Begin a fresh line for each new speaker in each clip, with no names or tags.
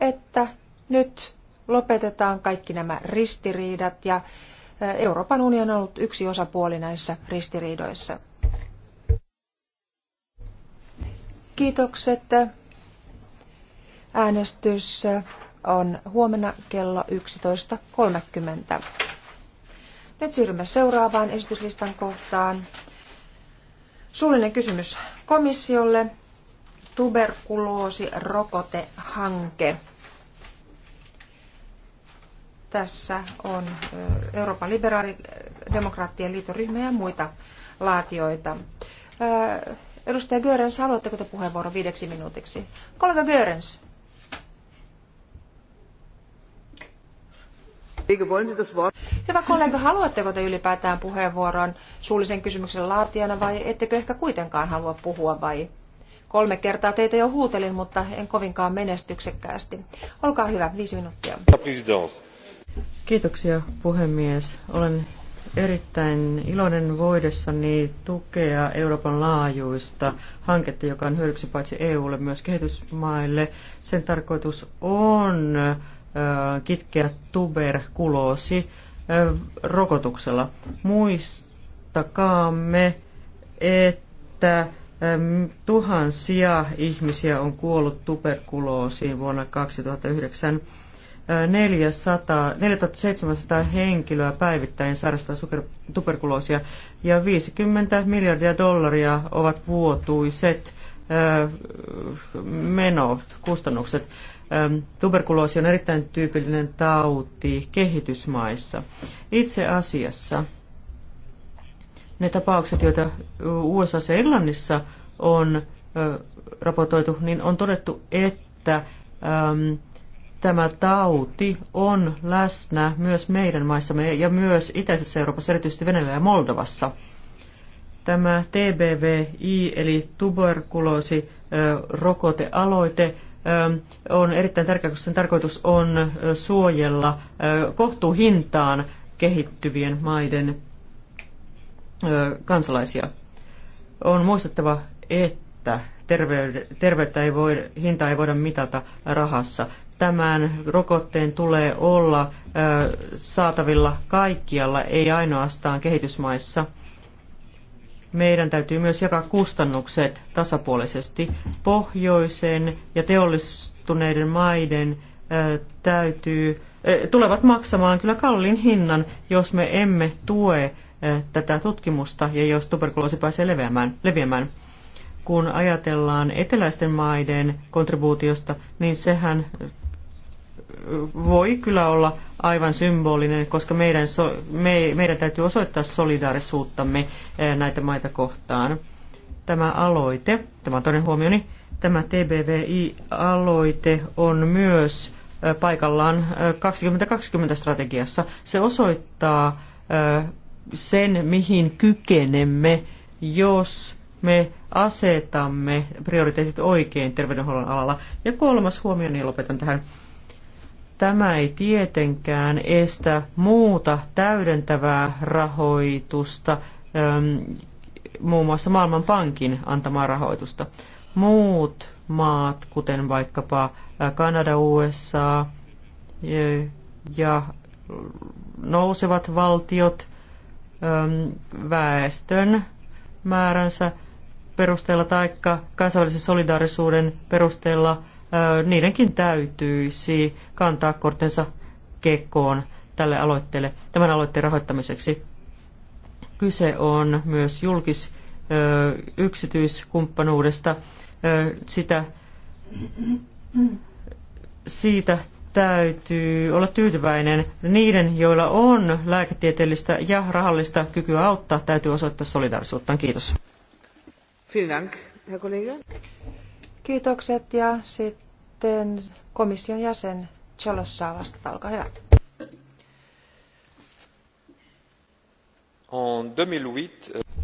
että nyt lopetetaan kaikki nämä ristiriidat ja Euroopan unioni on ollut yksi osapuoli näissä ristiriidoissa. Kiitokset. Äänestys on huomenna kello 11.30. Nyt siirrymme seuraavaan esityslistan kohtaan. Suullinen kysymys komissiolle tuberkuloosirokotehanke. Tässä on Euroopan liberaalidemokraattien liitoryhmä ja muita laatioita. Edustaja Görens, haluatteko te puheenvuoron viideksi minuutiksi? Kollega Görens. Hyvä kollega, haluatteko te ylipäätään puheenvuoron suullisen kysymyksen laatijana vai ettekö ehkä kuitenkaan halua puhua vai Kolme kertaa teitä jo huutelin, mutta en kovinkaan menestyksekkäästi. Olkaa hyvä, viisi minuuttia.
Kiitoksia puhemies. Olen erittäin iloinen voidessani tukea Euroopan laajuista hanketta, joka on hyödyksi paitsi EUlle myös kehitysmaille. Sen tarkoitus on kitkeä tuberkuloosi rokotuksella. Muistakaamme, että Tuhansia ihmisiä on kuollut tuberkuloosiin vuonna 2009. 400, 4700 henkilöä päivittäin sairastaa tuberkuloosia ja 50 miljardia dollaria ovat vuotuiset menot, kustannukset. Tuberkuloosi on erittäin tyypillinen tauti kehitysmaissa. Itse asiassa ne tapaukset, joita USA ja Englannissa on raportoitu, niin on todettu, että äm, tämä tauti on läsnä myös meidän maissamme ja myös itäisessä Euroopassa, erityisesti Venäjällä ja Moldovassa. Tämä TBVI eli tuberkuloosi rokotealoite on erittäin tärkeä, koska sen tarkoitus on suojella kohtuuhintaan kehittyvien maiden kansalaisia. On muistettava, että terveyttä ei voi, hinta ei voida mitata rahassa. Tämän rokotteen tulee olla saatavilla kaikkialla, ei ainoastaan kehitysmaissa. Meidän täytyy myös jakaa kustannukset tasapuolisesti. Pohjoisen ja teollistuneiden maiden täytyy, tulevat maksamaan kyllä kalliin hinnan, jos me emme tue tätä tutkimusta ja jos tuberkuloosi pääsee leviämään. leviämään. Kun ajatellaan eteläisten maiden kontribuutiosta, niin sehän voi kyllä olla aivan symbolinen, koska meidän, so, me, meidän täytyy osoittaa solidaarisuuttamme näitä maita kohtaan. Tämä aloite, tämä on toinen huomioni, tämä TBVI-aloite on myös paikallaan 2020 strategiassa. Se osoittaa sen, mihin kykenemme, jos me asetamme prioriteetit oikein terveydenhuollon alalla. Ja kolmas huomio, niin lopetan tähän. Tämä ei tietenkään estä muuta täydentävää rahoitusta, ähm, muun muassa Maailmanpankin antamaa rahoitusta. Muut maat, kuten vaikkapa äh, Kanada, USA äh, ja nousevat valtiot – väestön määränsä perusteella tai kansainvälisen solidaarisuuden perusteella niidenkin täytyisi kantaa kortensa kekoon tälle aloitteelle, tämän aloitteen rahoittamiseksi. Kyse on myös julkis- yksityiskumppanuudesta. Sitä, siitä täytyy olla tyytyväinen. Niiden, joilla on lääketieteellistä ja rahallista kykyä auttaa, täytyy osoittaa solidaarisuuttaan. Kiitos.
Kiitokset ja sitten komission jäsen Cholos saa vastata. Olkaa hyvä. Euh,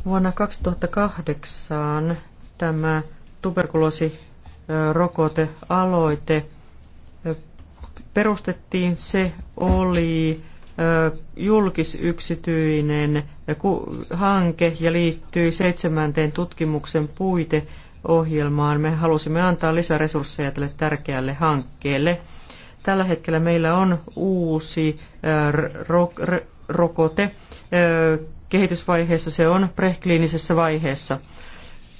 Vuonna 2008
tämä tuberkuloosirokotealoite perustettiin, se oli julkisyksityinen hanke ja liittyi seitsemänteen tutkimuksen puiteohjelmaan. Me halusimme antaa lisäresursseja tälle tärkeälle hankkeelle. Tällä hetkellä meillä on uusi rokote. Kehitysvaiheessa se on prekliinisessä vaiheessa.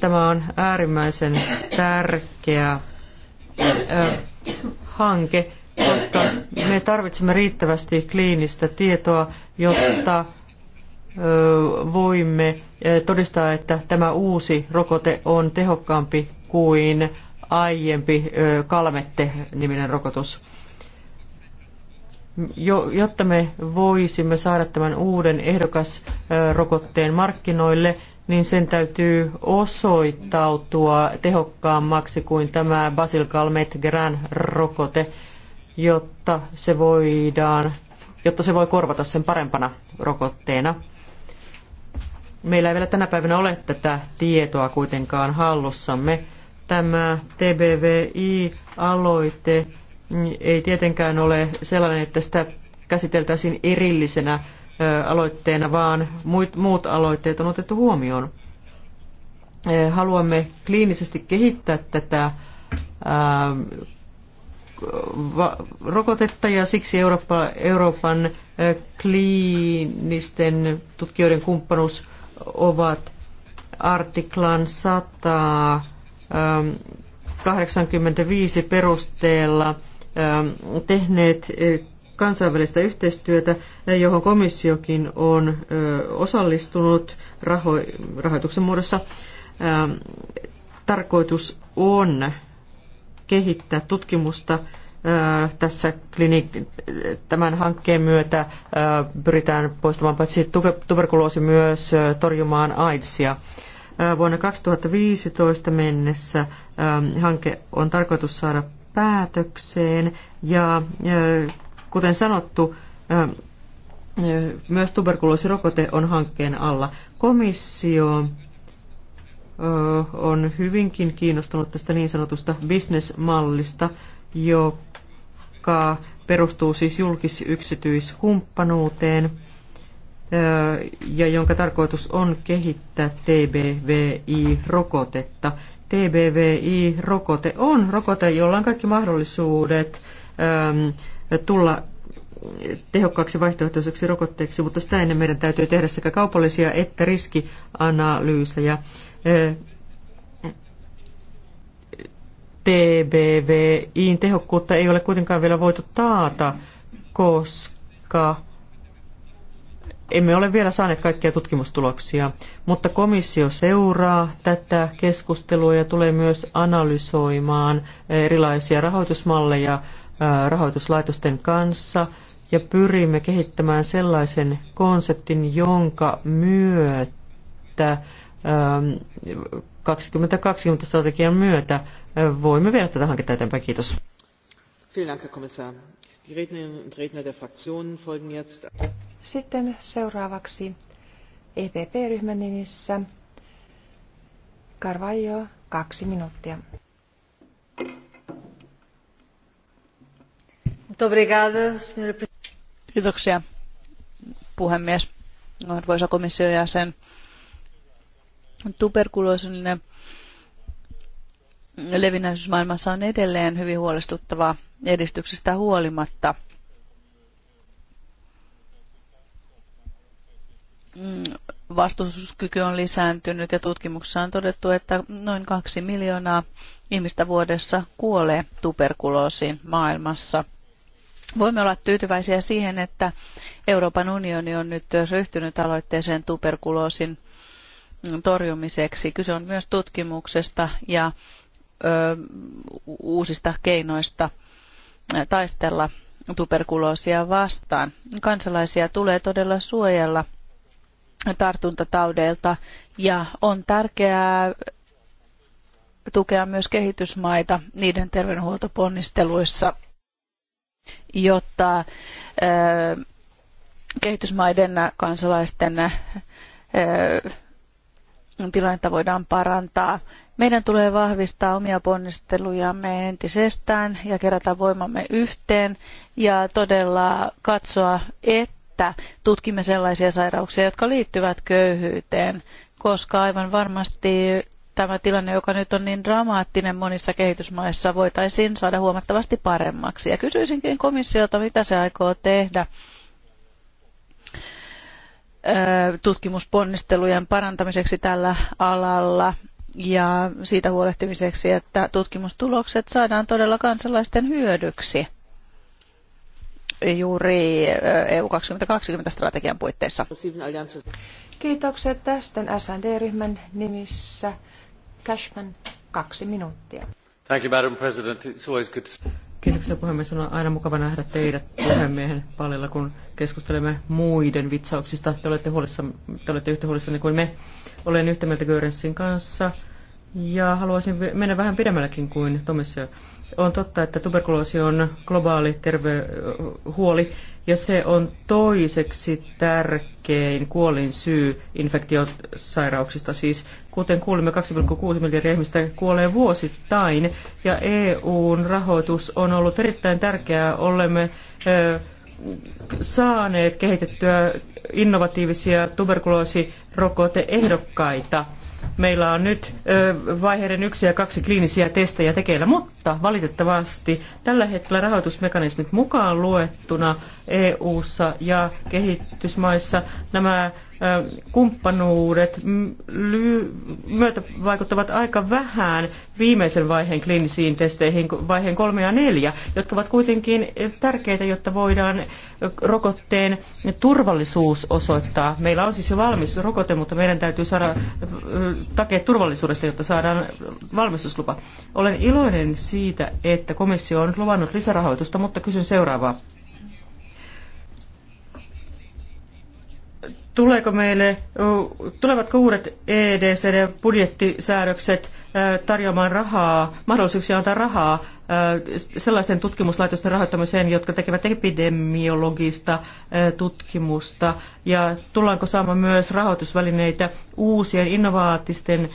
Tämä on äärimmäisen tärkeä hanke me tarvitsemme riittävästi kliinistä tietoa, jotta voimme todistaa, että tämä uusi rokote on tehokkaampi kuin aiempi Kalmette-niminen rokotus. Jotta me voisimme saada tämän uuden ehdokasrokotteen markkinoille, niin sen täytyy osoittautua tehokkaammaksi kuin tämä Basil Calmet Gran rokote jotta se, voidaan, jotta se voi korvata sen parempana rokotteena. Meillä ei vielä tänä päivänä ole tätä tietoa kuitenkaan hallussamme. Tämä TBVI-aloite mm, ei tietenkään ole sellainen, että sitä käsiteltäisiin erillisenä aloitteena, vaan muut aloitteet on otettu huomioon. Haluamme kliinisesti kehittää tätä rokotetta ja siksi Eurooppa, Euroopan kliinisten tutkijoiden kumppanuus ovat artiklan 185 perusteella tehneet kansainvälistä yhteistyötä, johon komissiokin on osallistunut rahoituksen muodossa. Tarkoitus on kehittää tutkimusta tässä klinik- tämän hankkeen myötä pyritään poistamaan paitsi tuberkuloosi myös torjumaan AIDSia. Vuonna 2015 mennessä hanke on tarkoitus saada päätökseen ja kuten sanottu, myös tuberkuloosirokote on hankkeen alla. Komissio on hyvinkin kiinnostunut tästä niin sanotusta bisnesmallista, joka perustuu siis julkis-yksityiskumppanuuteen ja jonka tarkoitus on kehittää TBVI-rokotetta. TBVI-rokote on rokote, jolla on kaikki mahdollisuudet tulla tehokkaaksi vaihtoehtoiseksi rokotteeksi, mutta sitä ennen meidän täytyy tehdä sekä kaupallisia että riskianalyysejä. TBVIin tehokkuutta ei ole kuitenkaan vielä voitu taata, koska emme ole vielä saaneet kaikkia tutkimustuloksia, mutta komissio seuraa tätä keskustelua ja tulee myös analysoimaan erilaisia rahoitusmalleja rahoituslaitosten kanssa ja pyrimme kehittämään sellaisen konseptin, jonka myötä 2020 ähm, strategian myötä äh, voimme vielä tätä hanketta eteenpäin. Kiitos.
Sitten seuraavaksi EPP-ryhmän nimissä Carvalho, kaksi minuuttia. Muito obrigada, senhora Kiitoksia
puhemies, arvoisa komission jäsen. Tuberkuloosinen levinnäisyys maailmassa on edelleen hyvin huolestuttavaa edistyksestä huolimatta. Vastustuskyky on lisääntynyt ja tutkimuksessa on todettu, että noin kaksi miljoonaa ihmistä vuodessa kuolee tuberkuloosiin maailmassa – Voimme olla tyytyväisiä siihen, että Euroopan unioni on nyt ryhtynyt aloitteeseen tuberkuloosin torjumiseksi. Kyse on myös tutkimuksesta ja ö, uusista keinoista taistella tuberkuloosia vastaan. Kansalaisia tulee todella suojella tartuntataudeilta ja on tärkeää tukea myös kehitysmaita niiden terveydenhuoltoponnisteluissa – jotta kehitysmaiden kansalaisten tilannetta voidaan parantaa. Meidän tulee vahvistaa omia ponnistelujamme entisestään ja kerätä voimamme yhteen ja todella katsoa, että tutkimme sellaisia sairauksia, jotka liittyvät köyhyyteen, koska aivan varmasti tämä tilanne, joka nyt on niin dramaattinen monissa kehitysmaissa, voitaisiin saada huomattavasti paremmaksi. Ja kysyisinkin komissiolta, mitä se aikoo tehdä tutkimusponnistelujen parantamiseksi tällä alalla ja siitä huolehtimiseksi, että tutkimustulokset saadaan todella kansalaisten hyödyksi juuri EU 2020-strategian
puitteissa. Kiitokset tästä SND-ryhmän nimissä. Cashman, kaksi minuuttia.
Thank you, Madam President. It's always good to... Kiitoksia puhemies. On aina mukava nähdä teidät puhemiehen palilla, kun keskustelemme muiden vitsauksista. Te olette, huolissa, te olette yhtä huolissanne kuin me. Olen yhtä mieltä Görensin kanssa ja haluaisin mennä vähän pidemmälläkin kuin Tomissa. On totta, että tuberkuloosi on globaali terveyhuoli ja se on toiseksi tärkein kuolin syy infektiosairauksista. Siis kuten kuulimme, 2,6 miljardia ihmistä kuolee vuosittain ja EUn rahoitus on ollut erittäin tärkeää. Olemme saaneet kehitettyä innovatiivisia tuberkuloosirokoteehdokkaita. ehdokkaita Meillä on nyt vaiheiden yksi ja kaksi kliinisiä testejä tekeillä, mutta valitettavasti tällä hetkellä rahoitusmekanismit mukaan luettuna EU:ssa ja kehitysmaissa nämä kumppanuudet myötävaikuttavat vaikuttavat aika vähän viimeisen vaiheen kliinisiin testeihin, vaiheen kolme ja neljä, jotka ovat kuitenkin tärkeitä, jotta voidaan rokotteen turvallisuus osoittaa. Meillä on siis jo valmis rokote, mutta meidän täytyy saada takeet turvallisuudesta, jotta saadaan valmistuslupa. Olen iloinen siitä, että komissio on luvannut lisärahoitusta, mutta kysyn seuraavaa. Tuleeko meille, tulevatko uudet EDCD-budjettisäädökset tarjoamaan rahaa, mahdollisuuksia antaa rahaa sellaisten tutkimuslaitosten rahoittamiseen, jotka tekevät epidemiologista tutkimusta? Ja tullaanko saamaan myös rahoitusvälineitä uusien innovaatisten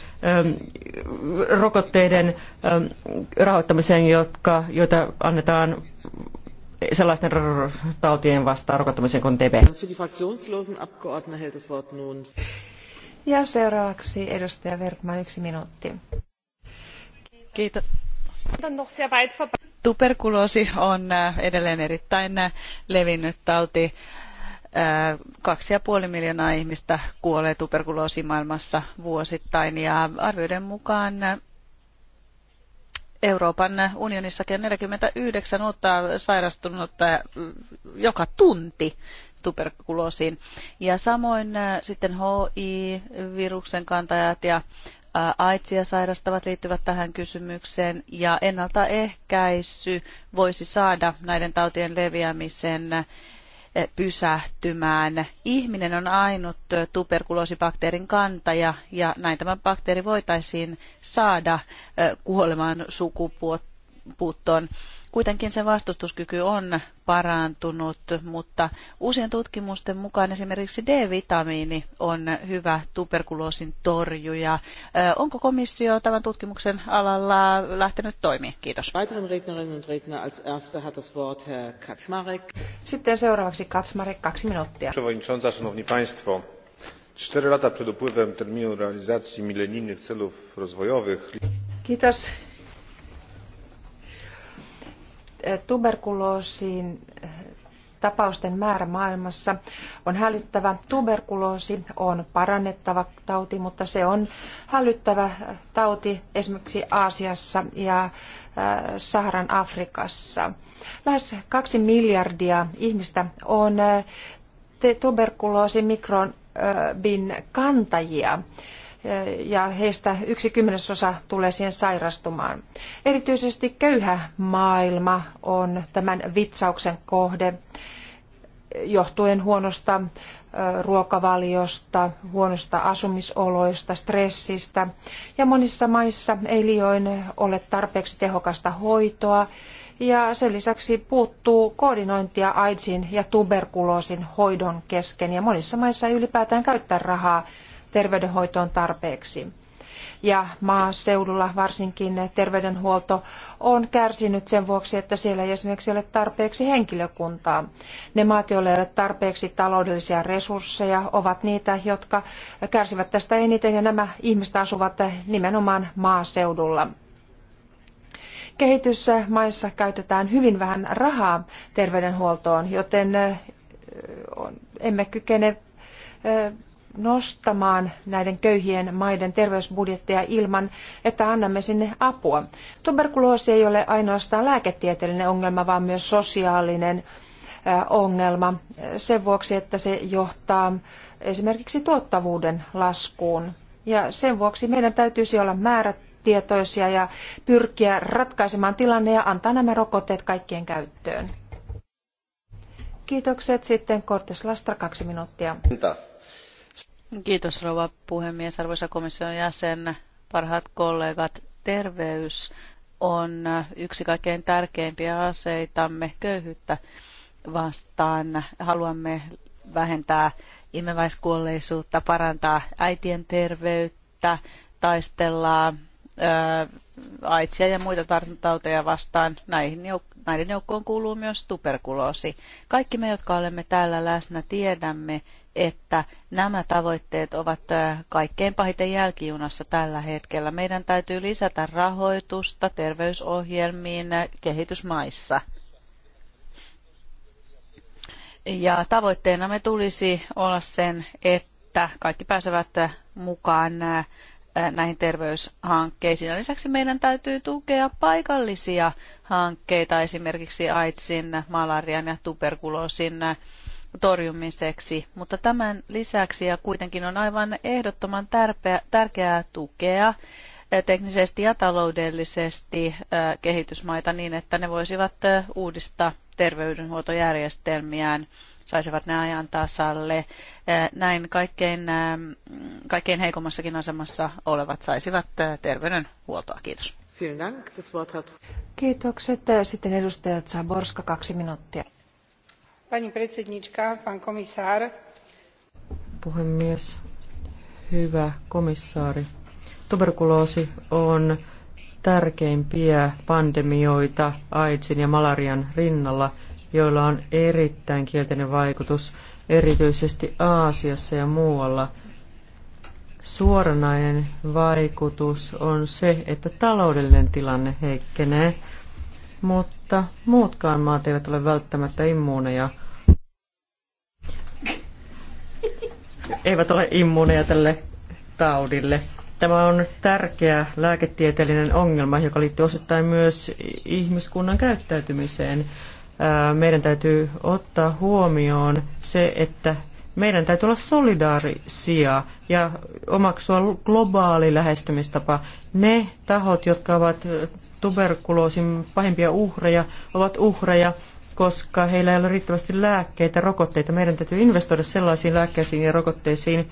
rokotteiden rahoittamiseen, jotka, joita annetaan sellaisten tautien vastaan rokottamiseen kuin TB.
Ja seuraavaksi edustaja yksi minuutti. Kiitos. Tuberkuloosi
on äh, edelleen erittäin äh, levinnyt tauti. Äh, kaksi ja puoli miljoonaa ihmistä kuolee tuberkuloosiin maailmassa vuosittain ja arvioiden mukaan Euroopan unionissakin on 49 uutta sairastunutta mm, joka tunti tuberkuloosiin. Ja samoin äh, sitten HI-viruksen kantajat ja AIDSia äh, sairastavat liittyvät tähän kysymykseen ja ennaltaehkäisy voisi saada näiden tautien leviämisen äh, pysähtymään. Ihminen on ainut tuberkuloosibakteerin kantaja ja näin tämä bakteeri voitaisiin saada kuolemaan sukupuuttoon Kuitenkin se vastustuskyky on parantunut, mutta uusien tutkimusten mukaan esimerkiksi D-vitamiini on hyvä tuberkuloosin torjuja. Onko komissio
tämän tutkimuksen
alalla lähtenyt toimia? Kiitos.
Sitten seuraavaksi Kaczmarek, kaksi minuuttia. Kiitos tuberkuloosiin eh, tapausten määrä maailmassa on hälyttävä. Tuberkuloosi on parannettava tauti, mutta se on hälyttävä tauti esimerkiksi Aasiassa ja eh, Saharan Afrikassa. Lähes kaksi miljardia ihmistä on eh, tuberkuloosimikrobin kantajia ja heistä yksi kymmenesosa tulee siihen sairastumaan. Erityisesti köyhä maailma on tämän vitsauksen kohde johtuen huonosta ruokavaliosta, huonosta asumisoloista, stressistä ja monissa maissa ei liioin ole tarpeeksi tehokasta hoitoa ja sen lisäksi puuttuu koordinointia AIDSin ja tuberkuloosin hoidon kesken ja monissa maissa ei ylipäätään käyttää rahaa terveydenhoitoon tarpeeksi. Ja maaseudulla varsinkin terveydenhuolto on kärsinyt sen vuoksi, että siellä ei esimerkiksi ole tarpeeksi henkilökuntaa. Ne maat, joilla ei ole tarpeeksi taloudellisia resursseja, ovat niitä, jotka kärsivät tästä eniten ja nämä ihmiset asuvat nimenomaan maaseudulla kehitysmaissa käytetään hyvin vähän rahaa terveydenhuoltoon, joten emme kykene nostamaan näiden köyhien maiden terveysbudjetteja ilman, että annamme sinne apua. Tuberkuloosi ei ole ainoastaan lääketieteellinen ongelma, vaan myös sosiaalinen äh, ongelma sen vuoksi, että se johtaa esimerkiksi tuottavuuden laskuun. Ja sen vuoksi meidän täytyisi olla määrätietoisia ja pyrkiä ratkaisemaan tilanne ja antaa nämä rokotteet kaikkien käyttöön. Kiitokset. Sitten Cortes Lastra, kaksi minuuttia.
Kiitos rouva puhemies, arvoisa komission jäsen, parhaat kollegat. Terveys on yksi kaikkein tärkeimpiä aseitamme köyhyyttä vastaan. Haluamme vähentää imeväiskuolleisuutta, parantaa äitien terveyttä, taistella aitsia ja muita tartuntatauteja vastaan. Näihin jouk- näiden joukkoon kuuluu myös tuberkuloosi. Kaikki me, jotka olemme täällä läsnä, tiedämme, että nämä tavoitteet ovat kaikkein pahiten jälkijunassa tällä hetkellä. Meidän täytyy lisätä rahoitusta terveysohjelmiin kehitysmaissa. Ja tavoitteena me tulisi olla sen, että kaikki pääsevät mukaan näihin terveyshankkeisiin. Lisäksi meidän täytyy tukea paikallisia hankkeita, esimerkiksi AIDSin, malarian ja tuberkuloosin torjumiseksi, mutta tämän lisäksi ja kuitenkin on aivan ehdottoman tärpeä, tärkeää tukea eh, teknisesti ja taloudellisesti eh, kehitysmaita niin, että ne voisivat eh, uudistaa terveydenhuoltojärjestelmiään, saisivat ne ajan tasalle. Näin kaikkein, kaikkein heikommassakin asemassa olevat saisivat terveydenhuoltoa. Kiitos.
Kiitokset. Sitten edustajat Borska kaksi minuuttia.
Pani predsednička, pán komisár.
Puhemies, hyvä komissaari. Tuberkuloosi on tärkeimpiä pandemioita AIDSin ja malarian rinnalla, joilla on erittäin kielteinen vaikutus erityisesti Aasiassa ja muualla. Suoranainen vaikutus on se, että taloudellinen tilanne heikkenee, mutta mutta muutkaan maat eivät ole välttämättä immuuneja. Eivät ole immuuneja tälle taudille. Tämä on tärkeä lääketieteellinen ongelma, joka liittyy osittain myös ihmiskunnan käyttäytymiseen. Meidän täytyy ottaa huomioon se, että meidän täytyy olla solidaarisia ja omaksua globaali lähestymistapa. Ne tahot, jotka ovat tuberkuloosin pahimpia uhreja, ovat uhreja, koska heillä ei ole riittävästi lääkkeitä, rokotteita. Meidän täytyy investoida sellaisiin lääkkeisiin ja rokotteisiin,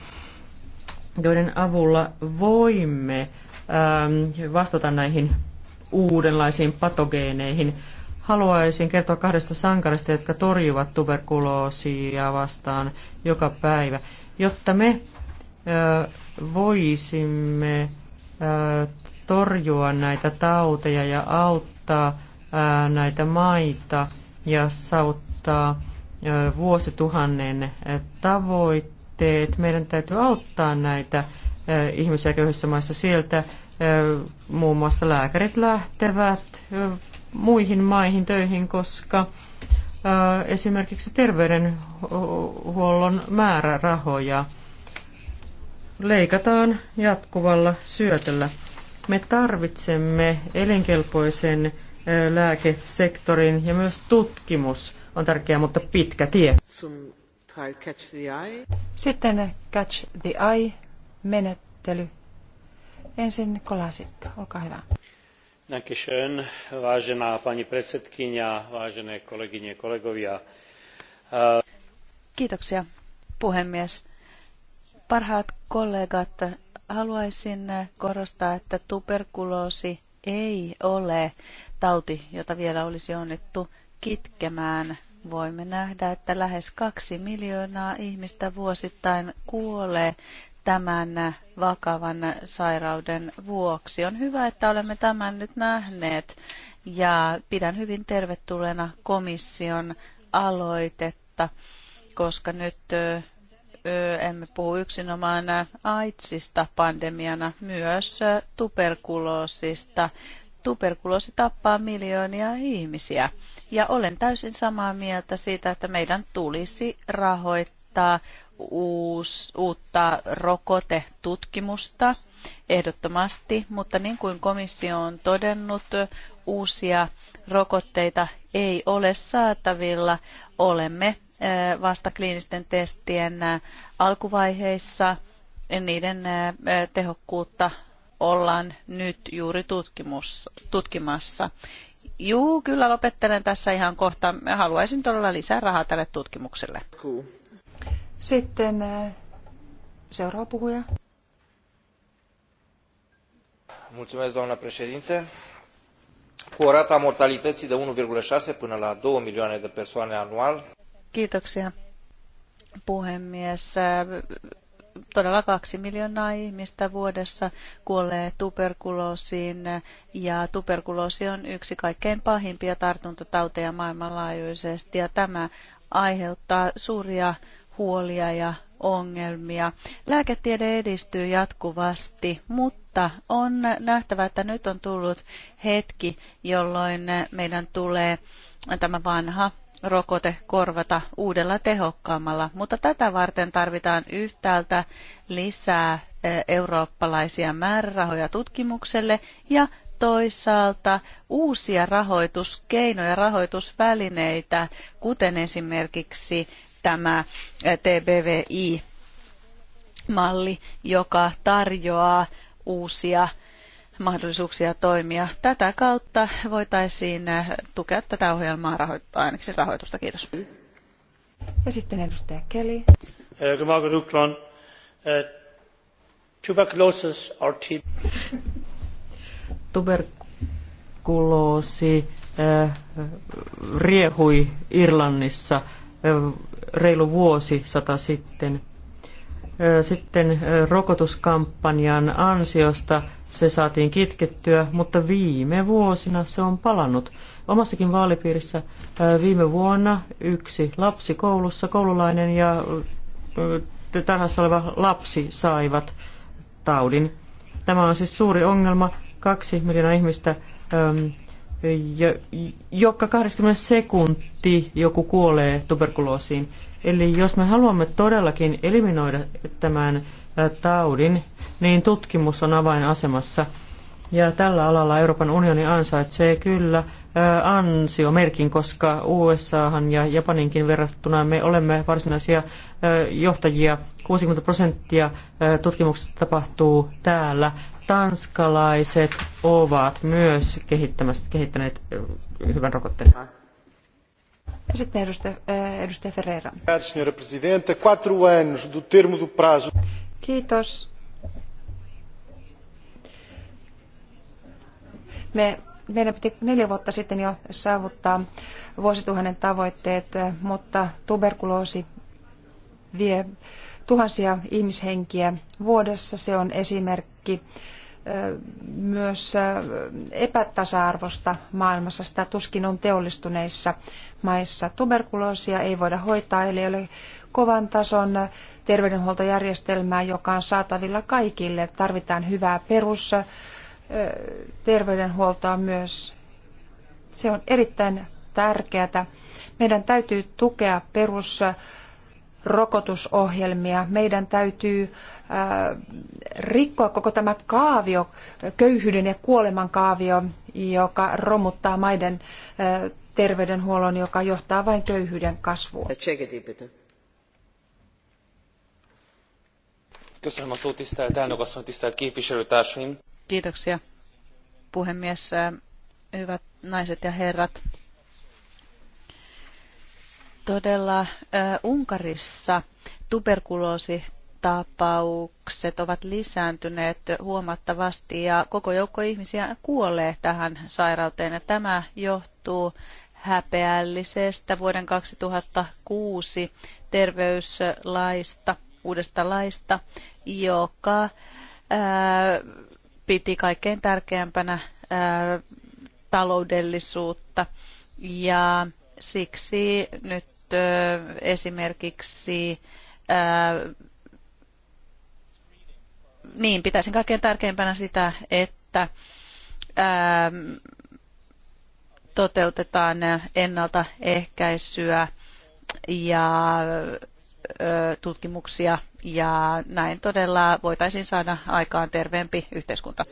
joiden avulla voimme ähm, vastata näihin uudenlaisiin patogeeneihin. Haluaisin kertoa kahdesta sankarista, jotka torjuvat tuberkuloosia vastaan joka päivä, jotta me voisimme torjua näitä tauteja ja auttaa näitä maita ja saavuttaa vuosituhannen tavoitteet. Meidän täytyy auttaa näitä ihmisiä köyhissä maissa sieltä. Muun muassa lääkärit lähtevät muihin maihin töihin, koska esimerkiksi terveydenhuollon määrärahoja leikataan jatkuvalla syötöllä. Me tarvitsemme elinkelpoisen lääkesektorin ja myös tutkimus on tärkeää, mutta pitkä tie.
Sitten catch the eye menettely. Ensin kolasikka, olkaa hyvä
arvoisa Kiitoksia puhemies. Parhaat kollegat, haluaisin korostaa, että tuberkuloosi ei ole tauti, jota vielä olisi onnettu kitkemään. Voimme nähdä, että lähes kaksi miljoonaa ihmistä vuosittain kuolee tämän vakavan sairauden vuoksi. On hyvä, että olemme tämän nyt nähneet ja pidän hyvin tervetulleena komission aloitetta, koska nyt emme puhu yksinomaan AIDSista pandemiana, myös tuberkuloosista. Tuberkuloosi tappaa miljoonia ihmisiä ja olen täysin samaa mieltä siitä, että meidän tulisi rahoittaa uus, uutta rokotetutkimusta ehdottomasti, mutta niin kuin komissio on todennut, uusia rokotteita ei ole saatavilla. Olemme eh, vasta kliinisten testien eh, alkuvaiheissa. Niiden eh, tehokkuutta ollaan nyt juuri tutkimassa. Juu, kyllä lopettelen tässä ihan kohta. Haluaisin todella lisää rahaa tälle tutkimukselle.
Sitten äh, seuraava puhuja. Mulțumesc, doamna președinte. Cu o rata mortalității de 1,6 până la 2 milioane de persoane anual.
Kiitoksia, puhemies todella kaksi miljoonaa ihmistä vuodessa kuolee tuberkuloosiin ja tuberkuloosi on yksi kaikkein pahimpia tartuntatauteja maailmanlaajuisesti ja tämä aiheuttaa suuria huolia ja ongelmia. Lääketiede edistyy jatkuvasti, mutta on nähtävä, että nyt on tullut hetki, jolloin meidän tulee tämä vanha rokote korvata uudella tehokkaammalla, mutta tätä varten tarvitaan yhtäältä lisää e, eurooppalaisia määrärahoja tutkimukselle ja toisaalta uusia rahoituskeinoja, rahoitusvälineitä, kuten esimerkiksi tämä TBVI-malli, joka tarjoaa uusia mahdollisuuksia toimia. Tätä kautta voitaisiin tukea tätä ohjelmaa rahoittaa, ainakin rahoitusta. Kiitos. Ja sitten edustaja Kelly.
Tuberculosis or TB. Tuberkuloosi äh, riehui Irlannissa reilu vuosi sata sitten. Sitten rokotuskampanjan ansiosta se saatiin kitkettyä, mutta viime vuosina se on palannut. Omassakin vaalipiirissä viime vuonna yksi lapsi koulussa, koululainen ja tarhassa oleva lapsi saivat taudin. Tämä on siis suuri ongelma. Kaksi miljoonaa ihmistä joka 20 sekunti joku kuolee tuberkuloosiin. Eli jos me haluamme todellakin eliminoida tämän taudin, niin tutkimus on avainasemassa. Ja tällä alalla Euroopan unioni ansaitsee kyllä ansiomerkin, koska USAhan ja Japaninkin verrattuna me olemme varsinaisia johtajia. 60 prosenttia tutkimuksesta tapahtuu täällä tanskalaiset ovat myös kehittämässä, kehittäneet hyvän rokotteen.
sitten edustaja, edustaja Ferreira. Kiitos. Me, meidän piti neljä vuotta sitten jo saavuttaa vuosituhannen tavoitteet, mutta tuberkuloosi vie tuhansia ihmishenkiä vuodessa. Se on esimerkki myös epätasa-arvosta maailmassa. Sitä tuskin on teollistuneissa maissa. Tuberkuloosia ei voida hoitaa, eli ei ole kovan tason terveydenhuoltojärjestelmää, joka on saatavilla kaikille. Tarvitaan hyvää perusterveydenhuoltoa myös. Se on erittäin tärkeää. Meidän täytyy tukea perussa rokotusohjelmia. Meidän täytyy äh, rikkoa koko tämä kaavio, köyhyyden ja kuoleman kaavio, joka romuttaa maiden äh, terveydenhuollon, joka johtaa vain köyhyyden kasvuun.
Köszönöm a szót, tisztelt elnök asszony, tisztelt képviselőtársaim!
Kiitoksia,
puhemies, hyvät naiset ja herrat. Todella Unkarissa tapaukset ovat lisääntyneet huomattavasti ja koko joukko ihmisiä kuolee tähän sairauteen ja tämä johtuu häpeällisestä vuoden 2006 terveyslaista, uudesta laista, joka ää, piti kaikkein tärkeämpänä ää, taloudellisuutta. Ja siksi nyt esimerkiksi niin, pitäisin kaikkein tärkeimpänä sitä, että ää, toteutetaan ennaltaehkäisyä ja tutkimuksia ja näin todella voitaisiin saada aikaan terveempi yhteiskunta.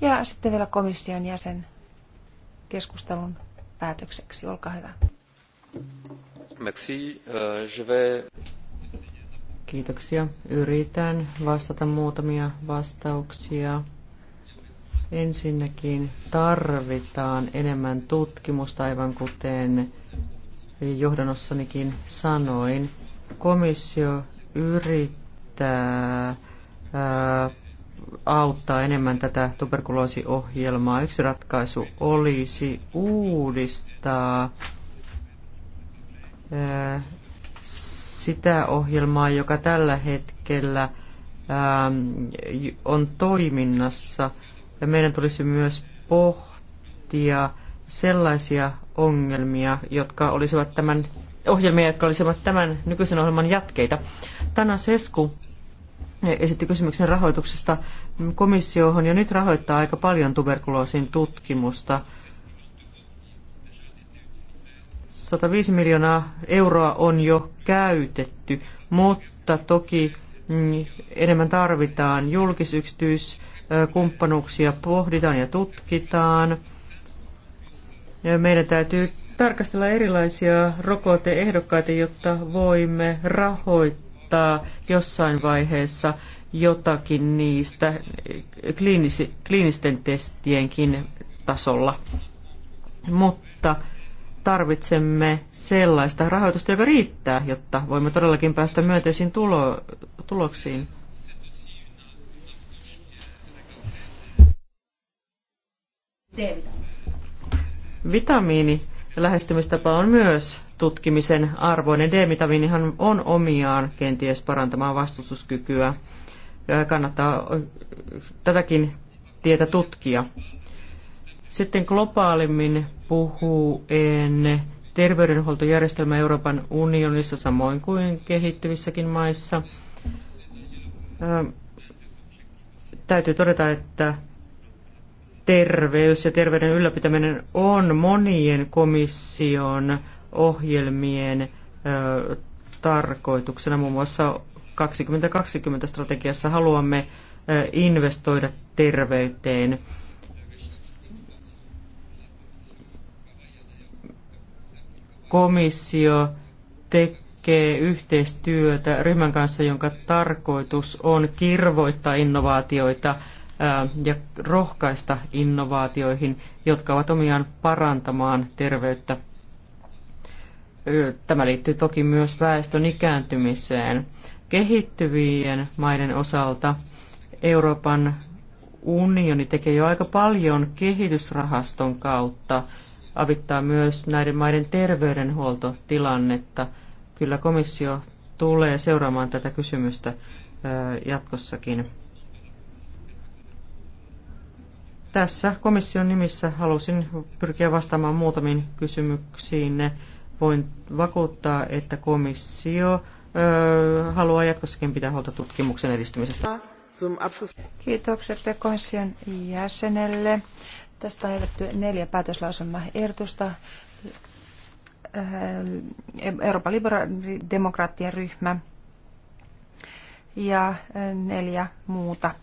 Ja sitten vielä komission jäsen keskustelun päätökseksi. Olkaa hyvä.
Euh, Kiitoksia. Yritän vastata muutamia vastauksia. Ensinnäkin tarvitaan enemmän tutkimusta, aivan kuten johdannossanikin sanoin. Komissio yrittää ää, auttaa enemmän tätä tuberkuloosiohjelmaa. Yksi ratkaisu olisi uudistaa sitä ohjelmaa, joka tällä hetkellä ähm, on toiminnassa. Ja meidän tulisi myös pohtia sellaisia ongelmia, jotka olisivat tämän ohjelmia, jotka olisivat tämän nykyisen ohjelman jatkeita. Tana Sesku esitti kysymyksen rahoituksesta. Komissiohan jo nyt rahoittaa aika paljon tuberkuloosin tutkimusta 105 miljoonaa euroa on jo käytetty, mutta toki mm, enemmän tarvitaan julkisyksityiskumppanuuksia, pohditaan ja tutkitaan. Meidän täytyy tarkastella erilaisia rokoteehdokkaita, jotta voimme rahoittaa jossain vaiheessa jotakin niistä e, kliinisten testienkin tasolla. Mutta tarvitsemme sellaista rahoitusta, joka riittää, jotta voimme todellakin päästä myönteisiin tulo- tuloksiin. Vitamiini lähestymistapa on myös tutkimisen arvoinen. D-vitamiinihan on omiaan kenties parantamaan vastustuskykyä. Kannattaa tätäkin tietä tutkia. Sitten globaalimmin puhuen terveydenhuoltojärjestelmä Euroopan unionissa samoin kuin kehittyvissäkin maissa. Täytyy todeta, että terveys ja terveyden ylläpitäminen on monien komission ohjelmien tarkoituksena. Muun muassa 2020 strategiassa haluamme investoida terveyteen. komissio tekee yhteistyötä ryhmän kanssa, jonka tarkoitus on kirvoittaa innovaatioita ja rohkaista innovaatioihin, jotka ovat omiaan parantamaan terveyttä. Tämä liittyy toki myös väestön ikääntymiseen. Kehittyvien maiden osalta Euroopan unioni tekee jo aika paljon kehitysrahaston kautta avittaa myös näiden maiden terveydenhuoltotilannetta. Kyllä komissio tulee seuraamaan tätä kysymystä jatkossakin. Tässä komission nimissä halusin pyrkiä vastaamaan muutamiin kysymyksiin. Voin vakuuttaa, että komissio haluaa jatkossakin pitää huolta tutkimuksen edistymisestä.
Kiitokset komission jäsenelle. Tästä on jätetty neljä päätöslauselmaehdotusta. Äh, Euroopan liberaalidemokraattien ryhmä ja neljä muuta